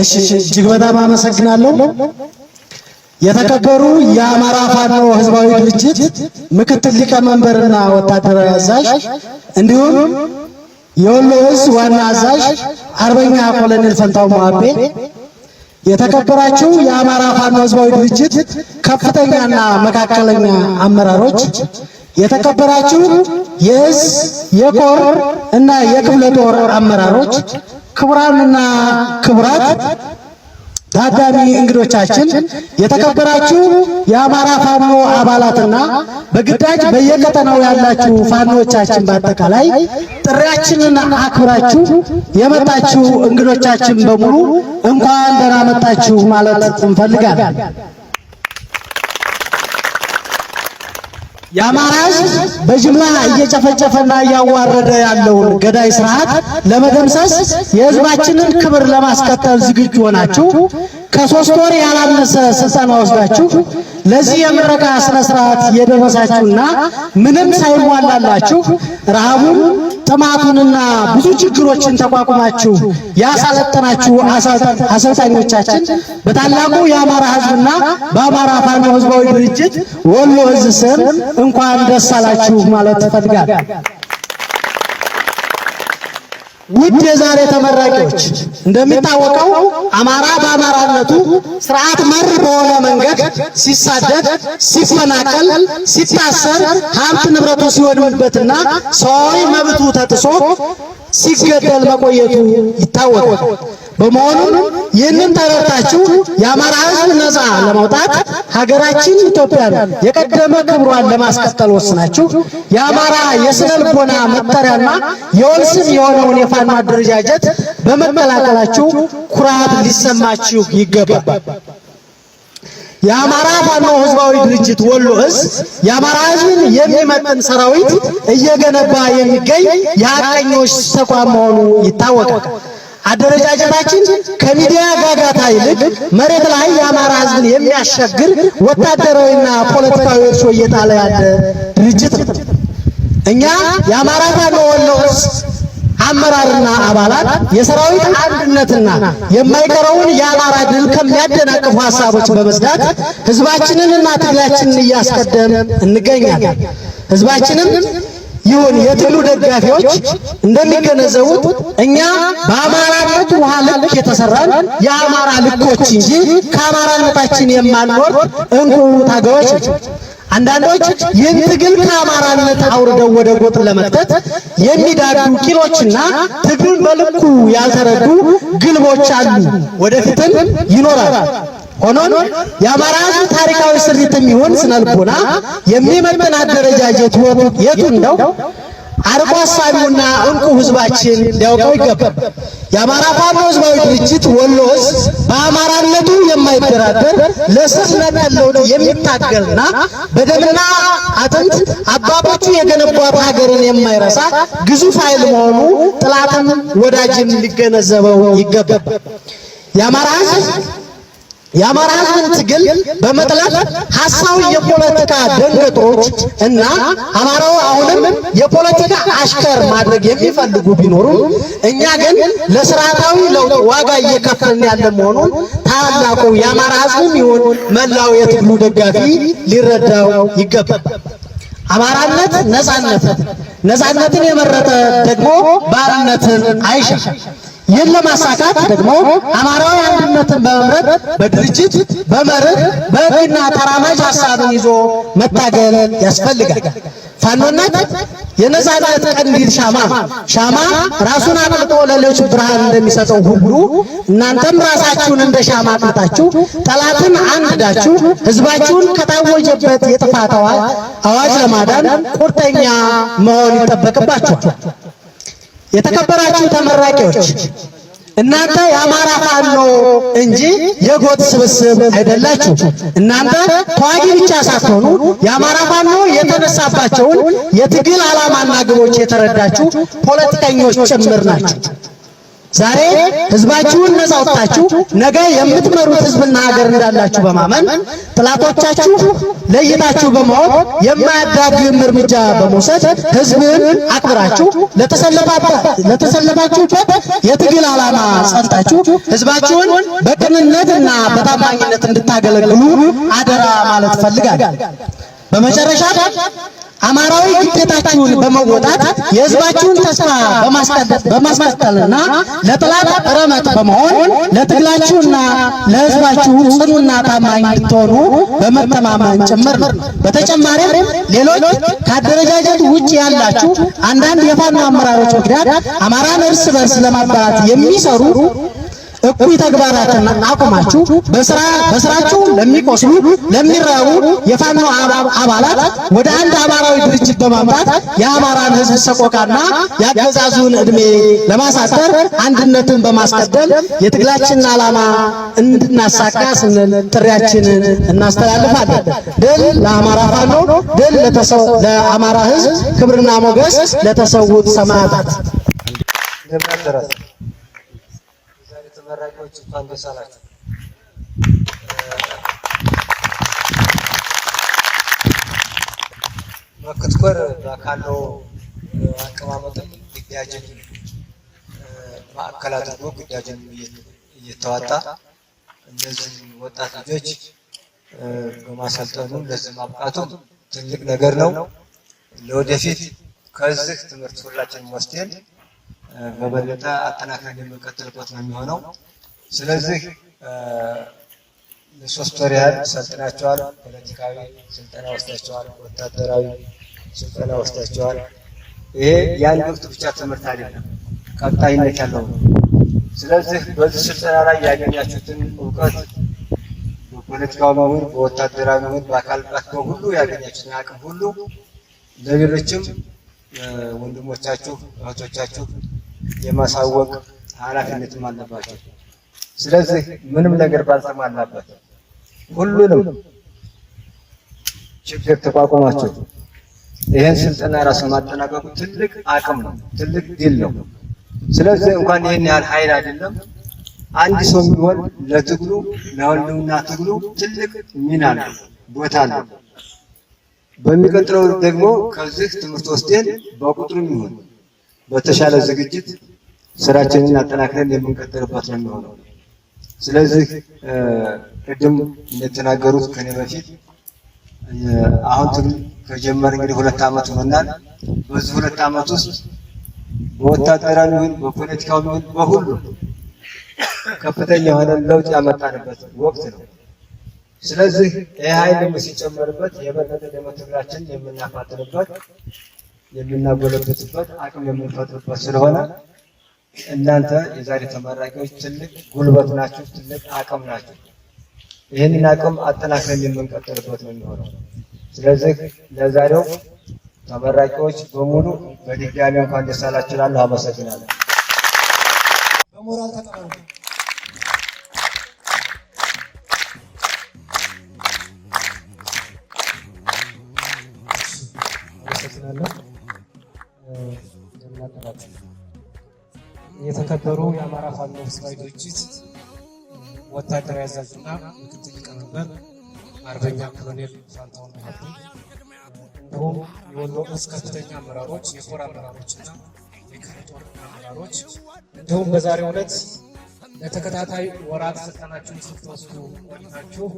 እሺ እጅግ በጣም አመሰግናለሁ። የተከበሩ የአማራ ፋኖ ህዝባዊ ድርጅት ምክትል ሊቀመንበርና ወታደራዊ አዛዥ እንዲሁም የወሎ እዝ ዋና አዛዥ አርበኛ ኮሎኔል ፈንታው ማቤ፣ የተከበራችሁ የአማራ ፋኖ ህዝባዊ ድርጅት ከፍተኛና መካከለኛ አመራሮች፣ የተከበራችሁ የእዝ የኮር እና የክፍለ ጦር አመራሮች ክቡራንና ክቡራት ታዳሚ እንግዶቻችን የተከበራችሁ የአማራ ፋኖ አባላትና በግዳጅ በየቀጠናው ያላችሁ ፋኖቻችን በአጠቃላይ ጥሪያችንን አክብራችሁ የመጣችሁ እንግዶቻችን በሙሉ እንኳን ደህና መጣችሁ ማለት እንፈልጋለን። የአማራ ሕዝብ በጅምላ እየጨፈጨፈና እያዋረደ ያለውን ገዳይ ስርዓት ለመደምሰስ የህዝባችንን ክብር ለማስከተል ዝግጁ ሆናችሁ ከሶስት ወር ያላነሰ ስልጠና ወስዳችሁ ለዚህ የምረቃ ስነ ስርዓት የደረሳችሁና ምንም ሳይሟላላችሁ ረሃቡን ጥማቱንና ብዙ ችግሮችን ተቋቁማችሁ ያሳለጠናችሁ አሰልጣኞቻችን በታላቁ የአማራ ህዝብና በአማራ ፋኖ ህዝባዊ ድርጅት ወሎ ህዝብ ስም እንኳን ደስ አላችሁ ማለት እፈልጋለሁ። ውድ የዛሬ ተመራቂዎች እንደሚታወቀው አማራ በአማራነቱ ስርዓት መር በሆነ መንገድ ሲሳደድ፣ ሲፈናቀል፣ ሲታሰር ሀብት ንብረቱ ሲወድምበትና ሰዋዊ መብቱ ተጥሶ ሲገደል መቆየቱ ይታወቃል። በመሆኑ ይህንን ተረታችሁ የአማራ ህዝብ ነፃ ለማውጣት ሀገራችን ኢትዮጵያን የቀደመ ክብሯን ለማስቀጠል ወስናችሁ የአማራ የስነ ልቦና መጠሪያና የወል ስም የሆነውን የፋኖ አደረጃጀት በመቀላቀላችሁ ኩራት ሊሰማችሁ ይገባል። የአማራ ፋኖ ህዝባዊ ድርጅት ወሎ እዝ የአማራ ህዝብን የሚመጥን ሰራዊት እየገነባ የሚገኝ የአቀኞች ተቋም መሆኑ ይታወቃል። አደረጃጀታችን ከሚዲያ ጋጋታ ይልቅ መሬት ላይ የአማራ ሕዝብን የሚያሻግር ወታደራዊና ፖለቲካዊ እርሾ እየጣለ ያለ ድርጅት ነው። እኛ የአማራ ፋኖ ወሎ አመራርና አባላት የሰራዊት አንድነትና የማይቀረውን የአማራ ድል ከሚያደናቅፉ ሀሳቦች በመስዳት ህዝባችንንና ትግላችንን እያስቀደም እንገኛለን። ህዝባችንም ይሁን የትሉ ደጋፊዎች እንደሚገነዘቡት እኛ በአማራነት ውሃ ልክ የተሰራን የአማራ ልኮች እንጂ ከአማራነታችን የማንወር እንቁ ታጋዮች አንዳንዶች ይህን ትግል ከአማራነት አውርደው ወደ ጎጥ ለመክተት የሚዳዱ ቂሎችና ትግሉን በልኩ ያልተረዱ ግልቦች አሉ። ወደፊትም ይኖራል። ሆኖም የአማራ ሕዝብ ታሪካዊ ስሪት የሚሆን ስነልቦና የሚመጥን አደረጃጀት የቱ እንደው አርቆ አሳቢውና እንቁ ህዝባችን ሊያውቀው ይገባል። የአማራ ፋኖ ህዝባዊ ድርጅት ወሎስ በአማራነቱ የማይደራደር ለስር ለቀለው የሚታገልና በደምና አጥንት አባቶቹ የገነቧት ሀገርን የማይረሳ ግዙፍ ኃይል መሆኑ ጥላትን ወዳጅን ሊገነዘበው ይገባል። የአማራ ህዝብ የአማራ ሕዝብን ትግል በመጥላት ሐሳዊ የፖለቲካ ደንገጦች እና አማራው አሁንም የፖለቲካ አሽከር ማድረግ የሚፈልጉ ቢኖሩም እኛ ግን ለስርዓታዊ ለውጥ ዋጋ እየከፈልን ያለ መሆኑን ታላቁ የአማራ ሕዝብም ይሁን መላው የትግሉ ደጋፊ ሊረዳው ይገባል። አማራነት ነፃነት፣ ነጻነትን የመረጠ ደግሞ ባርነትን አይሻ ይህን ለማሳካት ደግሞ አማራዊ አንድነትን በመምረጥ በድርጅት በመርህ በህግና ተራማጅ ሀሳብን ይዞ መታገል ያስፈልጋል። ፋኖነት የነጻነት ቀንዲል ሻማ ሻማ ራሱን አቅልጦ ለሌሎች ብርሃን እንደሚሰጠው ሁሉ እናንተም ራሳችሁን እንደ ሻማ አቅልጣችሁ ጠላትን አንድዳችሁ ህዝባችሁን ከታወጀበት የጥፋት አዋጅ ለማዳን ቁርጠኛ መሆን ይጠበቅባችኋል። የተከበራችሁ ተመራቂዎች እናንተ የአማራ ፋኖ እንጂ የጎጥ ስብስብ አይደላችሁ። እናንተ ተዋጊ ብቻ ሳትሆኑ የአማራ ፋኖ የተነሳባቸውን የትግል ዓላማና ግቦች የተረዳችሁ ፖለቲከኞች ጭምር ናችሁ። ዛሬ ህዝባችሁን ነጻ ወጣችሁ ነገ የምትመሩት ህዝብና ሀገር እንዳላችሁ በማመን ጥላቶቻችሁ ለይታችሁ በማወቅ የማያዳግም እርምጃ በመውሰድ ህዝብን አክብራችሁ ለተሰለፋችሁበት የትግል ዓላማ ጸንታችሁ ህዝባችሁን በቅንነትና በታማኝነት እንድታገለግሉ አደራ ማለት ፈልጋል። በመጨረሻ አማራዊ ግዴታችሁን በመወጣት የሕዝባችሁን ተስፋ በማስቀጠልና ለጥላት ረመጥ በመሆን ለትግላችሁና ለህዝባችሁ ጽኑና ታማኝ እንድትሆኑ በመተማመን ጭምር ነው። በተጨማሪም ሌሎች ከአደረጃጀት ውጭ ያላችሁ አንዳንድ የፋኖ አመራሮች ምክንያት አማራን እርስ በርስ ለማባላት የሚሰሩ እኩይ ተግባራትን አቁማችሁ በስራ በስራችሁ ለሚቆስሉ ለሚራቡ የፋኖ አባላት ወደ አንድ አማራዊ ድርጅት በማምጣት የአማራን ህዝብ ሰቆቃና የአገዛዙን እድሜ ለማሳጠር አንድነትን በማስቀደም የትግላችንን ዓላማ እንድናሳካ ስንል ጥሪያችንን እናስተላልፋለን። ድል ለአማራ ፋኖ፣ ድል ለአማራ ህዝብ፣ ክብርና ሞገስ ለተሰውት ሰማዕታት። ተመራቂዎች እንኳን ደስ አላችሁ። መክትኮር ካለው አቀማመጥም ግዳጅን ማዕከል አድርጎ ግዳጅን እየተዋጣ እነዚህ ወጣት ልጆች በማሰልጠኑ ለዚህ ማብቃቱም ትልቅ ነገር ነው። ለወደፊት ከዚህ ትምህርት ሁላችን ወስደን በበለጠ አጠናክረን የምንቀጥልበት ነው የሚሆነው። ስለዚህ ሶስት ወር ያህል ሰልጥናቸዋል። ፖለቲካዊ ስልጠና ወስዳቸዋል። ወታደራዊ ስልጠና ወስዳቸዋል። ይሄ የአንድ ወቅት ብቻ ትምህርት አይደለም፣ ቀጣይነት ያለው ነው። ስለዚህ በዚህ ስልጠና ላይ ያገኛችሁትን እውቀት በፖለቲካዊ መሆን፣ በወታደራዊ መሆን፣ በአካል ብቃት፣ በሁሉ ያገኛችሁትን አቅም ሁሉ ለሌሎችም ወንድሞቻችሁ እህቶቻችሁ የማሳወቅ ኃላፊነትም አለባቸው። ስለዚህ ምንም ነገር ባልተሟላበት ሁሉንም ችግር ተቋቁማቸው ይህን ስልጠና ራስ ማጠናቀቁ ትልቅ አቅም ነው፣ ትልቅ ድል ነው። ስለዚህ እንኳን ይህን ያህል ኃይል አይደለም አንድ ሰው ቢሆን ለትግሉ ለህልውና ትግሉ ትልቅ ሚና አለው፣ ቦታ አለው። በሚቀጥለው ደግሞ ከዚህ ትምህርት ወስደን በቁጥሩም ይሁን በተሻለ ዝግጅት ስራችንን አጠናክረን የምንቀጥልበት ነው የሚሆነው። ስለዚህ ቅድም እንደተናገሩት ከኔ በፊት አሁን ትግል ከጀመር እንግዲህ ሁለት ዓመት ሆኖናል። በዚህ ሁለት ዓመት ውስጥ በወታደራዊ ይሁን በፖለቲካዊ ይሁን በሁሉ ከፍተኛ የሆነ ለውጥ ያመጣንበት ወቅት ነው። ስለዚህ ይህ ኃይል ሲጨመርበት የበለጠ ደግሞ የምናፋጥንበት የምናጎለበትበት አቅም የምንፈጥርበት ስለሆነ እናንተ የዛሬ ተመራቂዎች ትልቅ ጉልበት ናችሁ፣ ትልቅ አቅም ናችሁ። ይህንን አቅም አጠናክረን የምንቀጥልበት ነው የሚሆነው። ስለዚህ ለዛሬው ተመራቂዎች በሙሉ በድጋሚ እንኳን ደስ አላችሁ እላለሁ። አመሰግናለሁ። በሞራል ተቀበሉ። የተከበሩ የአማራ ፋኖ ብሔራዊ ድርጅት ወታደራዊ አዛዥና ምክትል ሊቀመንበር አርበኛ ኮሎኔል ፋንታሁን ሀዱ እንዲሁም የወሎ ዕዝ ከፍተኛ አመራሮች፣ የኮር አመራሮችና የክፍለጦር አመራሮች እንዲሁም በዛሬው ዕለት ለተከታታይ ወራት ስልጠናችሁን ስትወስዱ ቆይታችሁ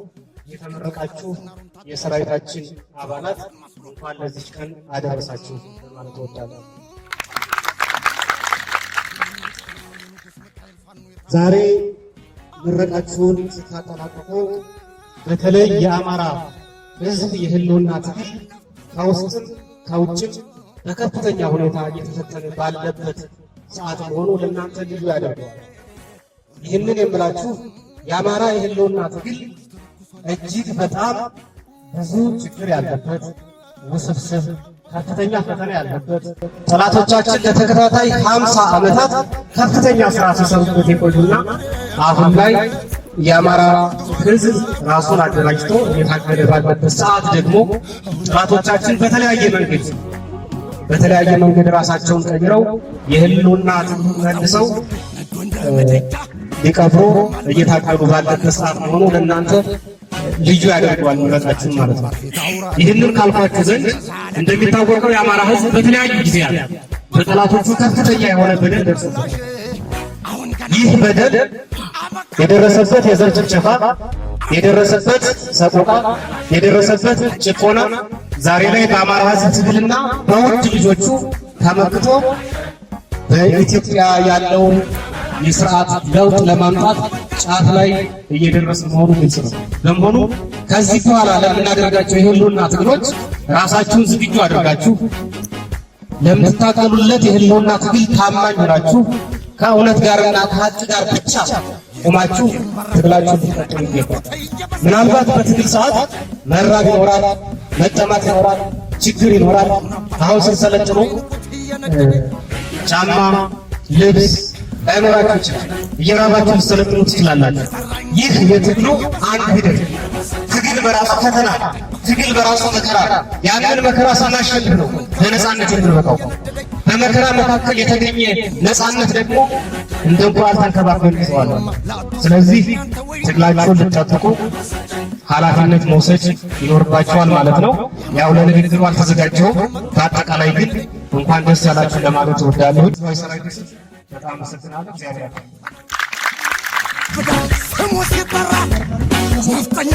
የተመረቃችሁ የሰራዊታችን አባላት እንኳን ለዚች ቀን አደረሳችሁ ለማለት እወዳለሁ። ዛሬ ምረቃችሁን ስታጠናቅቁ በተለይ የአማራ ሕዝብ የህልውና ትግል ከውስጥም ከውጭም በከፍተኛ ሁኔታ እየተፈተነ ባለበት ሰዓት መሆኑ ለእናንተ ልዩ ያደርገዋል። ይህንን የምላችሁ የአማራ የህልውና ትግል እጅግ በጣም ብዙ ችግር ያለበት ውስብስብ ከፍተኛ ፈተና ያለበት ጠላቶቻችን ለተከታታይ ሀምሳ ዓመታት ከፍተኛ ስራ ሲሰሩበት የቆዩና አሁን ላይ የአማራ ህዝብ ራሱን አደራጅቶ እየታገለ ባለበት ሰዓት ደግሞ ጠላቶቻችን በተለያየ መንገድ በተለያየ መንገድ ራሳቸውን ቀይረው የህልውና ትምህርት መልሰው ሊቀብሮ ባለበት ሰዓት መሆኑ ለእናንተ ልዩ ያደርገዋል ንብረታችን ማለት ነው። ይህንን ካልኳችሁ ዘንድ እንደሚታወቀው የአማራ ሕዝብ በተለያዩ ጊዜያት በጠላቶቹ ከፍተኛ የሆነ በደል ደርሶበታል። ይህ በደል የደረሰበት የዘር ጭፍጨፋ፣ የደረሰበት ሰቆቃ፣ የደረሰበት ጭቆና ዛሬ ላይ በአማራ ሕዝብ ትግልና በውድ ልጆቹ ተመክቶ በኢትዮጵያ ያለውን የስርዓት ለውጥ ለማምጣት ጫፍ ላይ እየደረሰ መሆኑ ግልጽ ነው። ለመሆኑ ከዚህ በኋላ ለምናደርጋቸው የህልውና ትግሎች ራሳችሁን ዝግጁ አድርጋችሁ ለምትታገሉለት የህልውና ትግል ታማኝ ሆናችሁ ከእውነት ጋርና ከሀቅ ጋር ብቻ ቆማችሁ ትግላችሁ ልትቀጥሉ ይገባል። ምናልባት በትግል ሰዓት መራብ ይኖራል፣ መጠማት ይኖራል፣ ችግር ይኖራል። አሁን ስንሰለጥኑ ጫማ ልብስ ላይኖራችሁ ይችላል። እየራባችሁ ልትሰለጥኑ ትችላላችሁ። ይህ የትግሉ አንድ ሂደት፣ ትግል በራሱ ፈተና፣ ትግል በራሱ መከራ። ያንን መከራ ስናሸንፍ ነው ለነጻነት የምንበቃው። በመከራ መካከል የተገኘ ነፃነት ደግሞ እንደ እንቁላል ተንከባክበን እንይዘዋለን። ስለዚህ ትግላችሁን ልትጠብቁ ኃላፊነት መውሰድ ይኖርባቸዋል ማለት ነው። ያው ለንግግሩ አልተዘጋጀሁም። በአጠቃላይ ግን እንኳን ደስ ያላችሁ ለማለት እወዳለሁ። በጣም አመሰግናለሁ። እግዚአብሔር ስሙ ሲጠራ